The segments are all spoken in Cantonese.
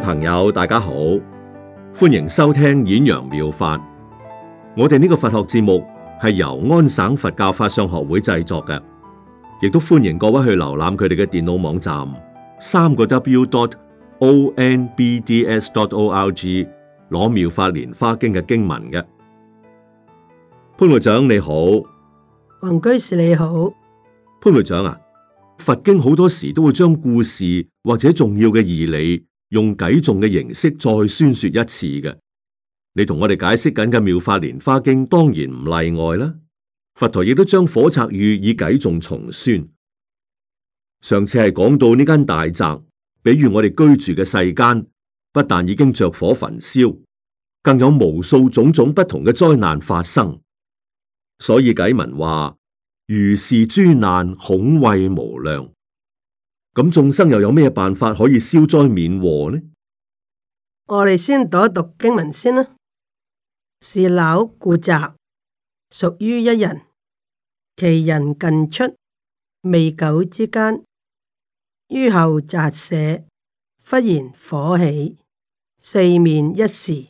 朋友，大家好，歡迎收聽演揚妙，妙法。我哋呢個佛學節目係由安省佛教法相學會製作嘅，亦都歡迎各位去瀏覽佢哋嘅電腦網站三個 W 點 O N B D S 點 O L G 攞，妙法蓮花經嘅經文嘅。潘會長你好，黃居士你好，潘會長啊，佛經好多時都會將故事或者重要嘅義理。用偈頌嘅形式再宣說一次嘅，你同我哋解釋緊嘅《妙法蓮花經》當然唔例外啦。佛陀亦都將火宅喻以偈頌重宣。上次係講到呢間大宅，比喻我哋居住嘅世間，不但已經着火焚燒，更有無數種種不同嘅災難發生，所以偈文話：如是諸難，恐畏無量。咁眾、嗯、生又有咩辦法可以消災免禍呢？我哋先讀一讀經文先啦。是樓故宅，屬於一人，其人近出未久之間，於後宅舍，忽然火起，四面一時，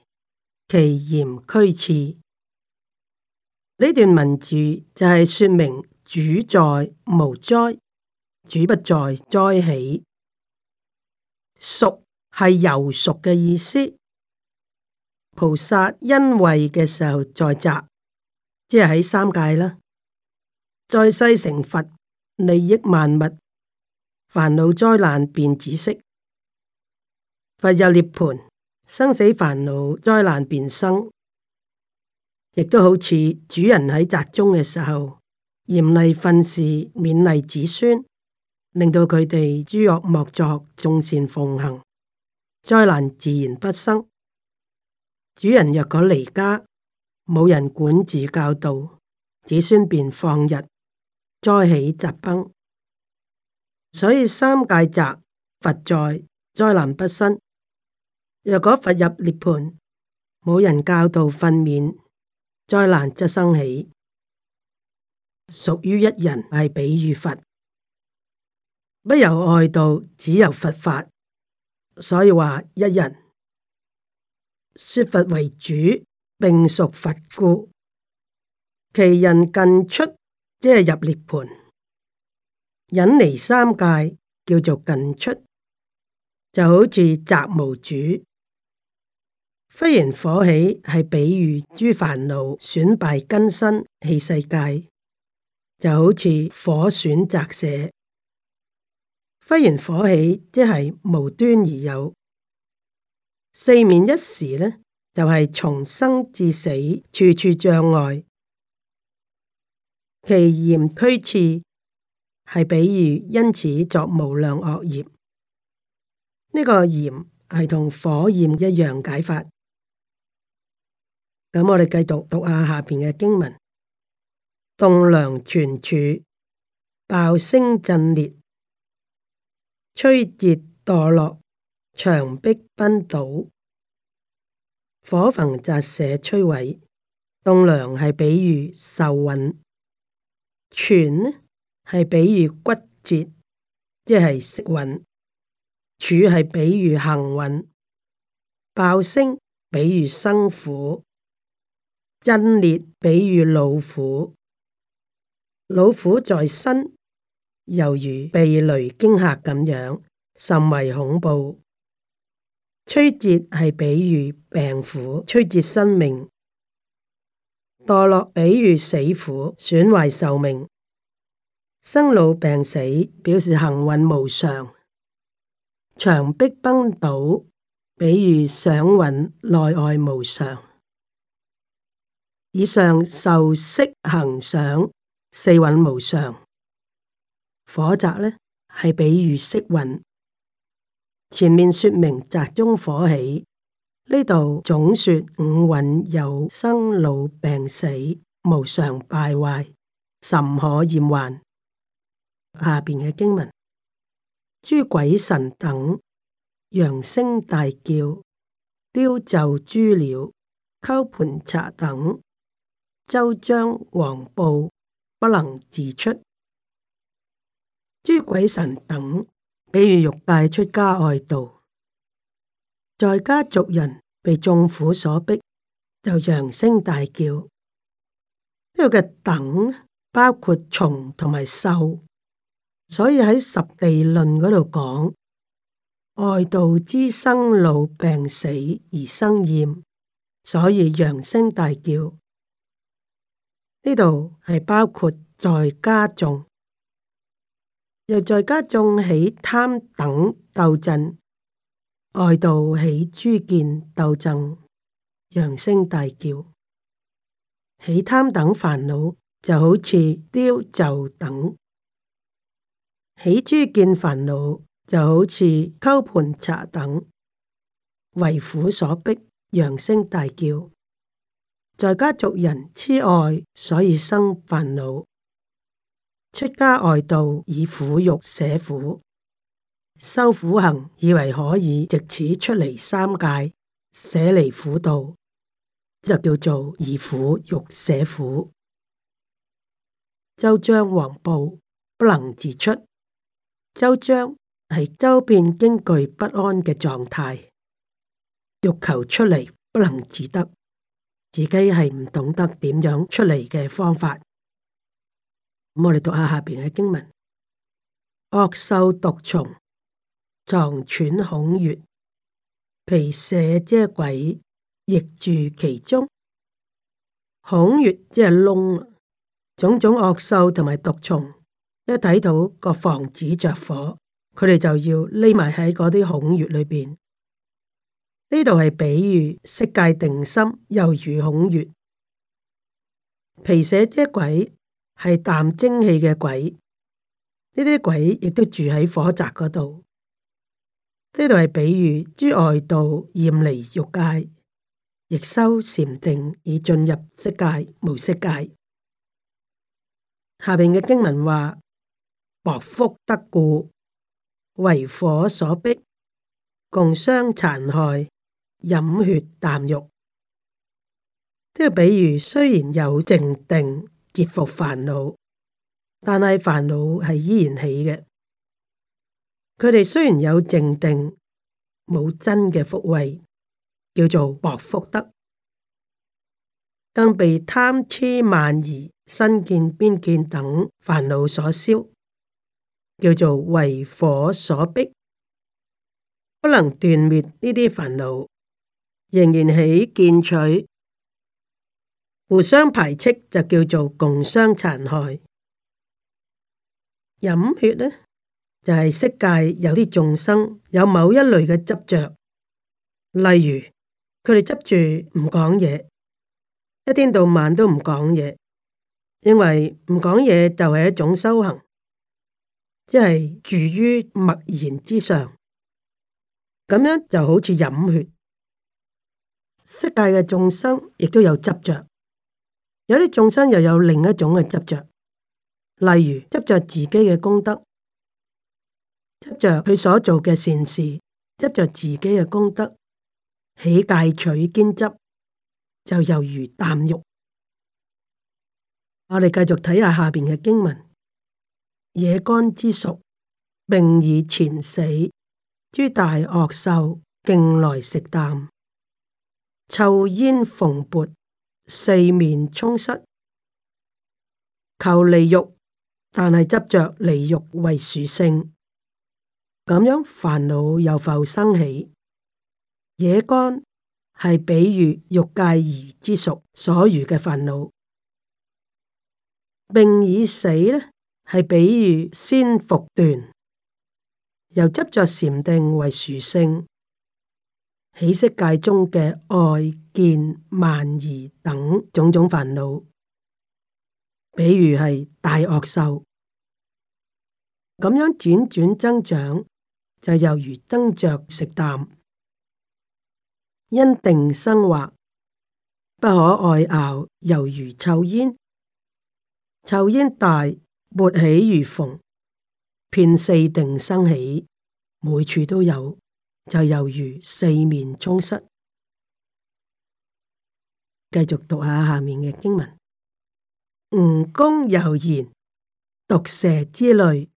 其焰驅熾。呢段文字就係說明主在無災。主不在，災起；熟係又熟嘅意思。菩薩因惠嘅時候在宅，即係喺三界啦。在世成佛，利益萬物，煩惱災難便止息。佛入涅槃，生死煩惱災難便生，亦都好似主人喺宅中嘅時候，嚴厲訓示，勉勵子孫。令到佢哋諸惡莫作，眾善奉行，災難自然不生。主人若果離家，冇人管治教導，子孫便放逸，災起疾崩。所以三界宅，佛在，災難不生；若果佛入涅槃，冇人教導訓勉，災難則生起。屬於一人係比喻佛。不由外道，只由佛法。所以話一人說佛為主，並屬佛故。其人近出，即係入涅盤，引離三界，叫做近出。就好似宅無主，忽然火起，係比喻諸煩惱損敗根生、棄世界，就好似火損宅舍。忽然火起，即係無端而有；四面一時呢，就係、是、從生至死，處處障礙。其炎俱熾，係比喻因此作無量惡業。呢、這個炎係同火焰一樣解法。咁我哋繼續讀下下邊嘅經文：棟梁椽柱爆聲震裂，摧折墮落，牆壁崩倒，火焚雜舍，摧毀棟梁，係比喻受蘊；全呢係比喻骨折，即係識蘊；柱係比喻行蘊；爆聲比喻生苦；震裂比喻老苦，老苦在身。又如被雷驚嚇咁樣，甚為恐怖。摧折係比喻病苦摧折生命，墮落比喻死苦損壞壽命，生老病死表示行蘊無常。牆壁崩倒，比喻想蘊內外無常。以上受識行想四蘊無常。火宅呢，係比喻色蘊，前面說明宅中火起，呢度總說五蘊有生老病死，無常敗壞，甚可厭患。下邊嘅經文，諸鬼神等揚聲大叫，雕鷲諸鳥，鳩槃荼等，周慞惶怖不能自出。諸鬼神等，比如欲界出家外道，在家族人被眾苦所逼，就揚聲大叫。呢度嘅等包括蟲同埋獸，所以喺十地論嗰度講，外道之生老病死而生厭，所以揚聲大叫。呢度係包括在家眾。又在家中起貪等鬥諍，外道起諸見鬥諍，揚聲大叫。起貪等煩惱就好似雕鷲等，起諸見煩惱就好似鳩槃荼等，為苦所逼，揚聲大叫。在家族人痴愛，所以生煩惱。出家外道以苦欲捨苦，修苦行以為可以藉此出離三界，捨離苦道，就叫做以苦欲捨苦。周章惶怖不能自出，周章係周邊驚懼不安嘅狀態，欲求出嚟不能自得，自己係唔懂得點樣出嚟嘅方法。咁我哋讀下下邊嘅經文：惡獸毒蟲藏竄孔穴、毘舍闍鬼亦住其中。孔穴即係窿啊！種種惡獸同埋毒蟲，一睇到個房子着火，佢哋就要匿埋喺嗰啲孔穴裏邊。呢度係比喻色界定心，猶如孔穴、毘舍闍鬼，係啖精氣嘅鬼，呢啲鬼亦都住喺火宅嗰度。呢度係比喻諸外道厭離欲界，亦修禪定以進入色界、無色界。下邊嘅經文話：薄福德故，為火所逼，共相殘害，飲血啖肉。呢個比喻雖然有靜定。結服煩惱，但係煩惱係依然起嘅。佢哋雖然有靜定，冇真嘅福慧，叫做薄福德，更被貪痴慢疑、身見邊見等煩惱所燒，叫做為火所逼，不能斷滅呢啲煩惱，仍然起見取。互相排斥就叫做共相殘害。飲血呢，就係色界有啲眾生有某一類嘅執着，例如佢哋執住唔講嘢，一天到晚都唔講嘢，認為唔講嘢就係一種修行，即係住於默然之上，咁樣就好似飲血。色界嘅眾生亦都有執着。有啲眾生又有另一種嘅執着，例如執着自己嘅功德，執着佢所做嘅善事，執着自己嘅功德，喜戒取兼執，就猶如啖肉。我哋繼續睇下下面嘅經文：野干之屬，並已前死；諸大惡獸，競來食噉，臭煙熢㶿。四面充塞，求利欲，但係執着利欲為殊勝，咁樣煩惱又浮生起。野干係比喻欲界而之屬所遇嘅煩惱，並已死咧，係比喻先伏斷，又執着禪定為殊勝。喺色界中嘅愛見慢疑等種種煩惱，比如係大惡獸，咁樣輾轉增長，就猶如增著食啖。因定生惑，不可外咬，猶如臭煙，臭煙大勃起如逢，遍四定生起，每處都有。就猶如四面充塞，繼續讀下下面嘅經文。蜈蚣蚰蜒，毒蛇之類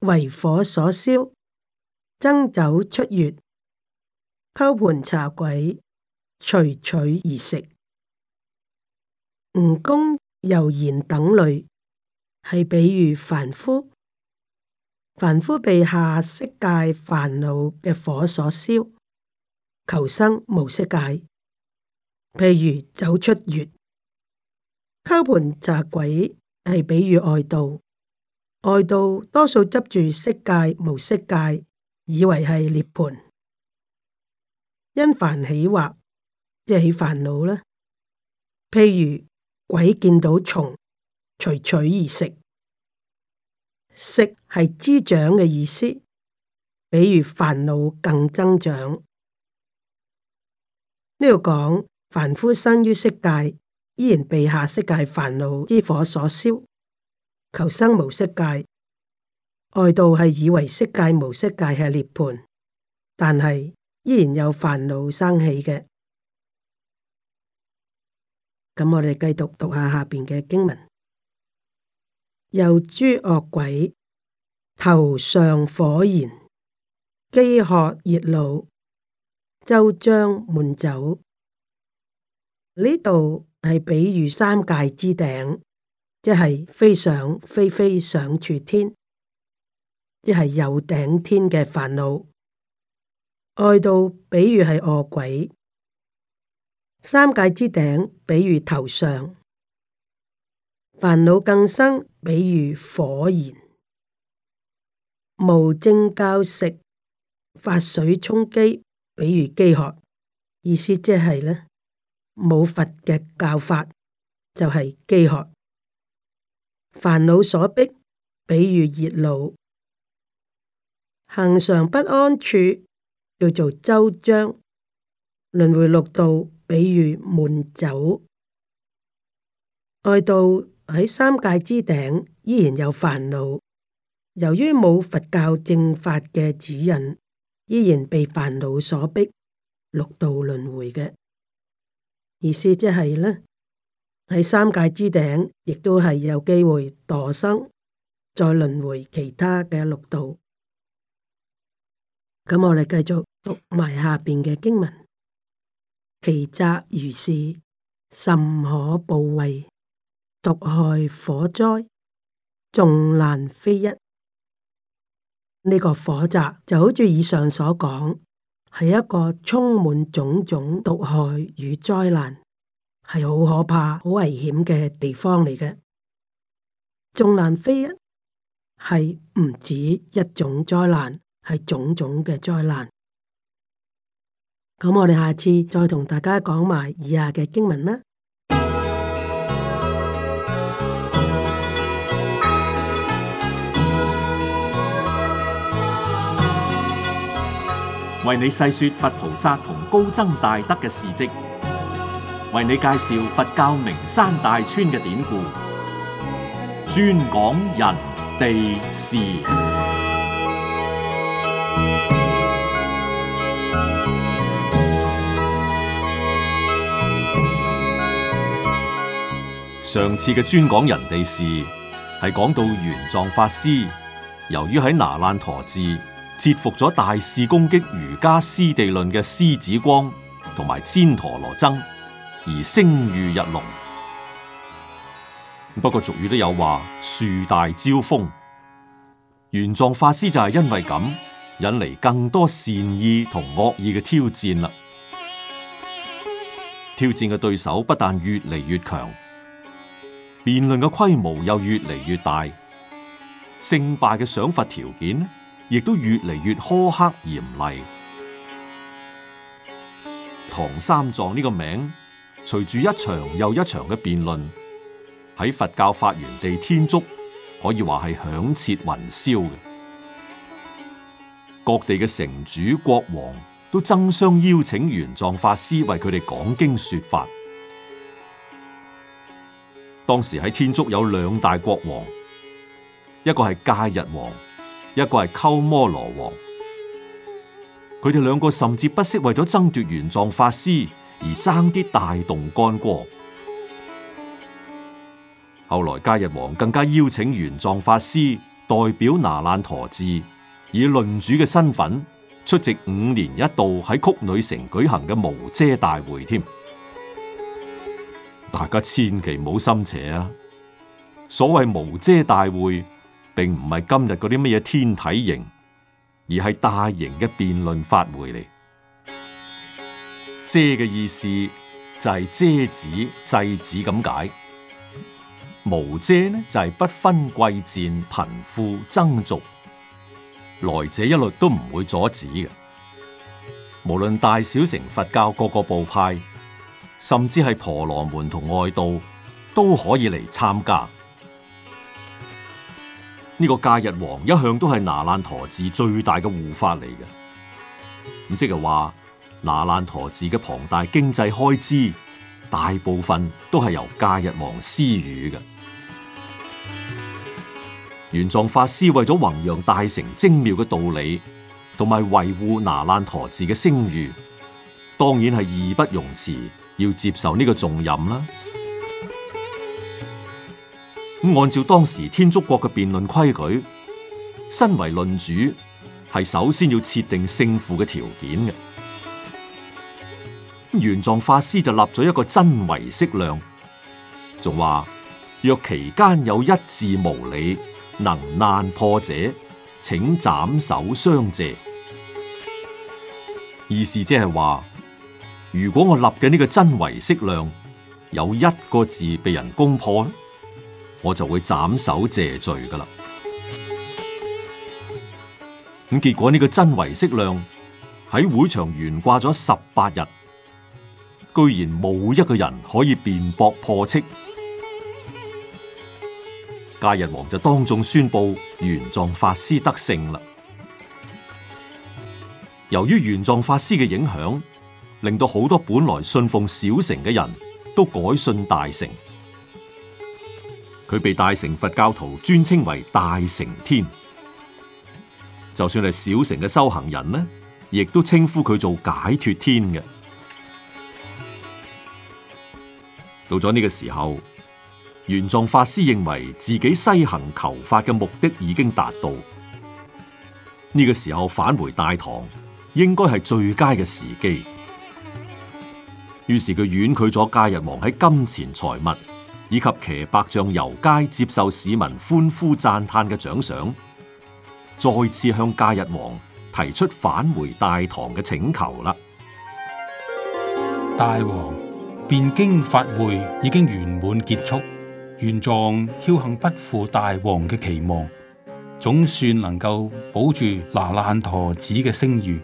為火所燒，爭走出穴，鳩槃荼鬼，隨取而食。蜈蚣蚰蜒等類，係比喻凡夫。凡夫被下色界煩惱嘅火所燒，求生無色界。譬如走出月，敲盤詐鬼係比喻外道，外道多數執住色界無色界，以為係涅槃。因煩起惑即係煩惱啦。譬如鬼見到蟲，隨取而食。識係滋長嘅意思，比如煩惱更增長。呢度講凡夫生於色界，依然被下色界煩惱之火所燒，求生無色界。外道係以為色界無色界係涅盤，但係依然有煩惱生起嘅。咁我哋繼續讀下下邊嘅經文。又諸惡鬼頭上火然，飢渴熱惱，周慞悶走，呢度係比喻三界之頂，即係非想非非想處天，即係有頂天嘅煩惱，外道比喻係惡鬼，三界之頂，比喻頭上。煩惱更生，比如火燃；無正教食，發水充飢，比如饑渴。意思即係呢，冇佛嘅教法，就係、是、饑渴。煩惱所逼，比如熱惱；行常不安處，叫做周章；輪迴六道，比如悶酒。愛到。喺三界之頂依然有煩惱，由於冇佛教正法嘅指引，依然被煩惱所逼，六道輪迴嘅意思即係呢。喺三界之頂，亦都係有機會墮生再輪迴其他嘅六道。咁我哋繼續讀埋下邊嘅經文，其宅如是，甚可怖畏。毒害火災，眾難非一。呢、這個火宅就好似以上所講，係一個充滿種種毒害與災難，係好可怕、好危險嘅地方嚟嘅。眾難非一係唔止一種災難，係種種嘅災難。咁我哋下次再同大家講埋以下嘅經文啦。為你細說佛菩薩同高僧大德嘅事跡，為你介紹佛教名山大川嘅典故，專講人哋事。上次嘅專講人哋事係講到玄奘法師，由於喺那爛陀寺，折服咗大肆攻擊瑜伽《師地論》嘅獅子光同埋旃陀羅僧，而聲譽日隆。不過俗語都有話：樹大招風。玄奘法師就係因為咁引嚟更多善意同惡意嘅挑戰啦。挑戰嘅對手不但越嚟越強，辯論嘅規模又越嚟越大，勝敗嘅賞罰條件呢？亦都越嚟越苛刻嚴厲。唐三藏呢個名，隨住一場又一場嘅辯論，喺佛教發源地天竺，可以話係響徹雲霄嘅。各地嘅城主、國王都爭相邀請玄奘法師為佢哋講經說法。當時喺天竺有兩大國王，一個係戒日王。一個係鳩摩羅王，佢哋兩個甚至不惜為咗爭奪玄奘法師而爭啲大動干戈。後來戒日王更加邀請玄奘法師代表那爛陀寺，以論主嘅身份出席五年一度喺曲女城舉行嘅無遮大會添。大家千祈唔好心邪啊！所謂無遮大會。並唔係今日嗰啲乜嘢天體型，而係大型嘅辯論法會嚟。遮嘅意思就係遮止、制止咁解。無遮呢就係不分貴賤、貧富、僧俗，來者一律都唔會阻止嘅。無論大小乘佛教各個部派，甚至係婆羅門同外道，都可以嚟參加。呢個戒日王一向都係拿爛陀寺最大嘅護法嚟嘅，咁即係話拿爛陀寺嘅龐大經濟開支，大部分都係由戒日王施予嘅。玄奘法師為咗弘揚大乘精妙嘅道理，同埋維護拿爛陀寺嘅聲譽，當然係義不容辭要接受呢個重任啦。按照當時天竺國嘅辯論規矩，身為論主係首先要設定勝負嘅條件嘅。玄奘法師就立咗一個真唯識量，仲話若其間有一字無理，能難破者，請斬首相謝。意思即係話，如果我立嘅呢個真唯識量有一個字被人攻破。我就會斬首謝罪噶啦。咁結果呢個真唯識量喺會場懸掛咗十八日，居然冇一個人可以辯駁破斥。戒日王就當眾宣佈玄奘法師得勝啦。由於玄奘法師嘅影響，令到好多本來信奉小乘嘅人都改信大乘。佢被大乘佛教徒尊稱為大乘天，就算係小乘嘅修行人呢，亦都稱呼佢做解脱天嘅。到咗呢個時候，玄奘法師認為自己西行求法嘅目的已經達到，呢、這個時候返回大唐應該係最佳嘅時機。於是佢婉拒咗戒日王喺金錢財物。以及騎白象遊街，接受市民歡呼讚嘆嘅獎賞，再次向戒日王提出返回大唐嘅請求啦。大王，辯經法會已經圓滿結束，玄奘僥幸不負大王嘅期望，總算能夠保住那爛陀寺嘅聲譽，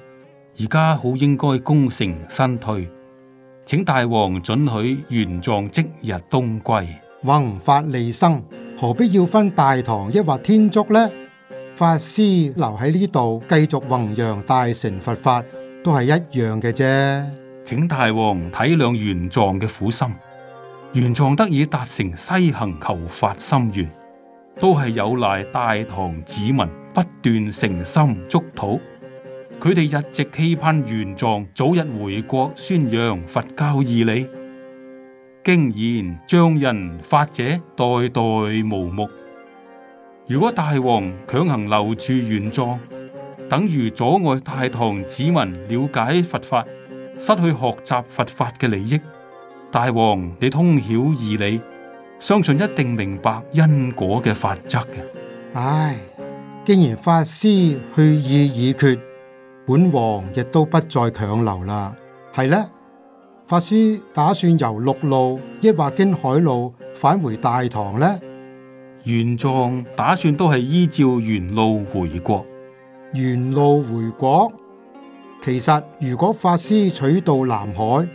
而家好應該功成身退。請大王准許玄奘即日東歸。宏法利生，何必要分大唐抑或天竺呢？法師留喺呢度繼續弘揚大乘佛法，都係一樣嘅啫。請大王體諒玄奘嘅苦心，玄奘得以達成西行求法心願，都係有賴大唐子民不斷誠心祝禱。佢哋一直期盼玄奘早日回國宣揚佛教義理，竟然將人法者代代無目。如果大王強行留住玄奘，等於阻礙大唐子民了解佛法，失去學習佛法嘅利益。大王你通曉義理，相信一定明白因果嘅法則嘅。唉，既然法師去意已決。本王亦都不再強留啦。係呢，法師打算由陸路，抑或經海路返回大唐呢？玄奘打算都係依照原路回國。原路回國？其實如果法師取道南海，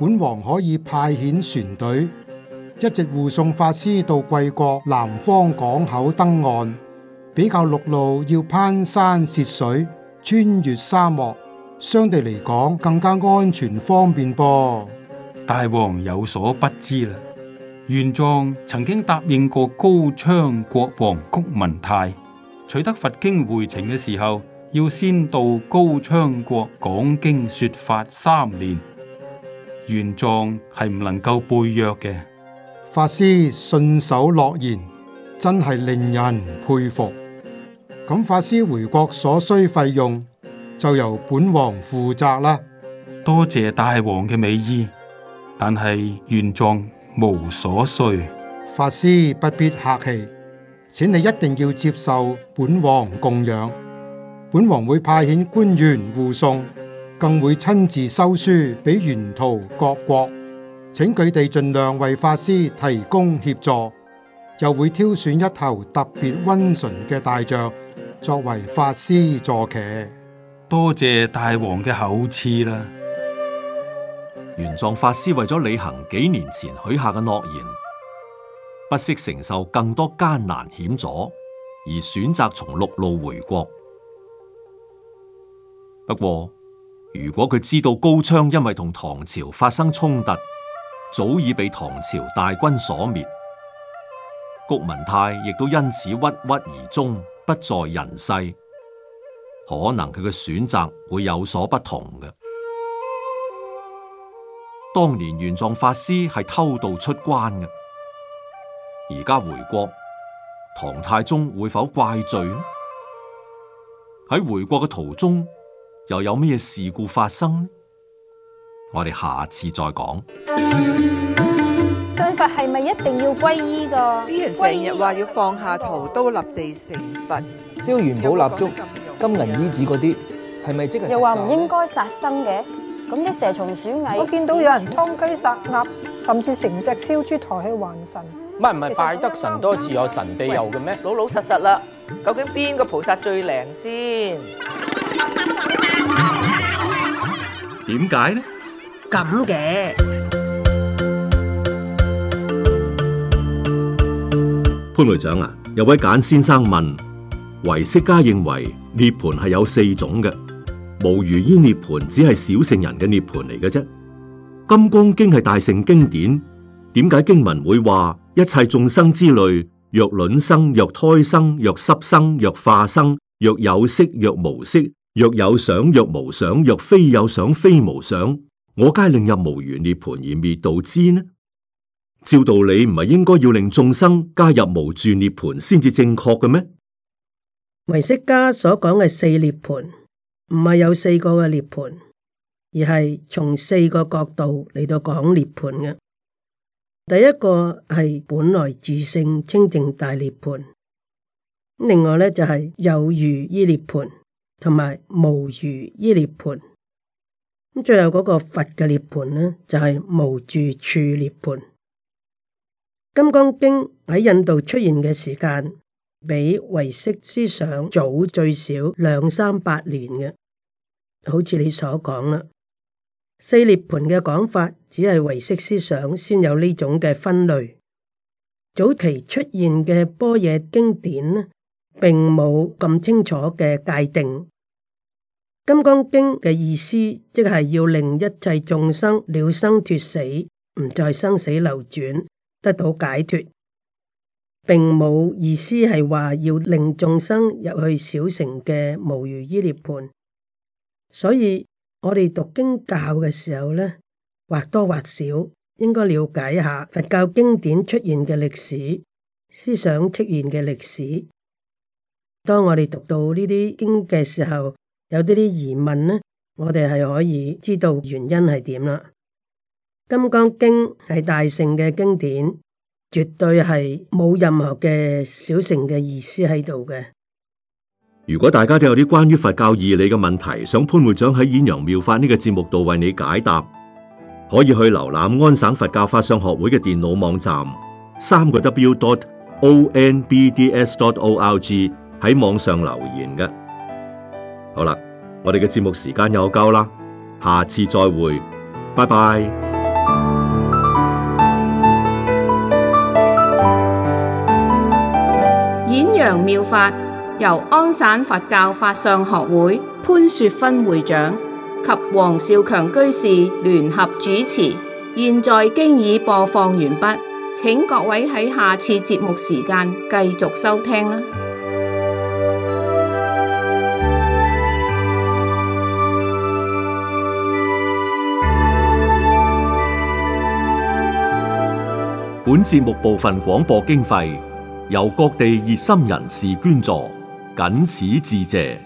本王可以派遣船隊，一直護送法師到貴國南方港口登岸，比較陸路要攀山涉水，穿越沙漠，相對嚟講更加安全方便噃。大王有所不知啦，玄奘曾經答應過高昌國王麹文泰，取得佛經回程嘅時候，要先到高昌國講經說法三年。玄奘係唔能夠背約嘅，法師信守諾言，真係令人佩服。咁法師回國所需費用就由本王負責啦。多謝大王嘅美意，但係玄奘無所需。法師不必客氣，請你一定要接受本王供養。本王會派遣官員護送，更會親自修書俾沿途各國，請佢哋盡量為法師提供協助，又會挑選一頭特別温順嘅大象。作為法師坐騎，多謝大王嘅厚賜啦！玄奘法師為咗履行幾年前許下嘅諾言，不惜承受更多艱難險阻，而選擇從陸路回國。不過，如果佢知道高昌因為同唐朝發生衝突，早已被唐朝大軍所滅，麴文泰亦都因此鬱鬱而終。不在人世，可能佢嘅選擇會有所不同嘅。當年玄奘法師係偷渡出關嘅，而家回國，唐太宗會否怪罪？喺回國嘅途中，又有咩事故發生呢？我哋下次再講。係咪一定要皈依噶？啲人成日話要放下屠刀立地成佛，燒元寶蠟燭、金銀衣紙嗰啲，係咪即係？又話唔應該殺生嘅，咁啲蛇蟲鼠蟻，我見到有人劏雞殺鴨，甚至成隻燒豬抬去還神。唔係唔係，拜得神多自有神庇佑嘅咩？老老實實啦，究竟邊個菩薩最靈先？點解呢？咁嘅。潘會長啊，有位簡先生問：唯識家認為涅盤係有四種嘅，無餘依涅盤只係小聖人嘅涅盤嚟嘅啫。金剛經係大乘經典，點解經文會話一切眾生之類，若卵生，若胎生，若濕生,生，若化生，若有色，若無色，若有想，若無想，若非有想，非無想，我皆令入無餘涅盤而滅度之呢？照道理唔係應該要令眾生加入無住涅盤先至正確嘅咩？唯識家所講嘅四涅盤唔係有四個嘅涅盤，而係從四個角度嚟到講涅盤嘅。第一個係本來自性清淨大涅盤，另外咧就係有餘依涅盤同埋無餘依涅盤。咁最後嗰個佛嘅涅盤咧，就係無住處涅盤。《金剛經》喺印度出現嘅時間，比唯識思想早最少兩三百年嘅，好似你所講啦。四涅槃嘅講法，只係唯識思想先有呢種嘅分類。早期出現嘅般若經典呢，並冇咁清楚嘅界定。《金剛經》嘅意思，即係要令一切眾生了生脱死，唔再生死流轉。得到解脫，並冇意思係話要令眾生入去小乘嘅無餘依涅盤，所以我哋讀經教嘅時候呢，或多或少應該了解下佛教經典出現嘅歷史、思想出現嘅歷史。當我哋讀到呢啲經嘅時候，有啲啲疑問呢，我哋係可以知道原因係點啦。金剛經係大乘嘅經典，絕對係冇任何嘅小乘嘅意思喺度嘅。如果大家都有啲關於佛教義理嘅問題，想潘會長喺演揚妙法呢個節目度為你解答，可以去瀏覽安省佛教法相學會嘅電腦網站，三個 w dot o n b d s dot o r g 喺網上留言嘅。好啦，我哋嘅節目時間又夠啦，下次再會，拜拜。妙法由安省佛教法相學會潘雪芬會長及黃少強居士聯合主持，現在經已播放完畢，請各位喺下次節目時間繼續收聽啦。本節目部分廣播經費。由各地熱心人士捐助，謹此致謝。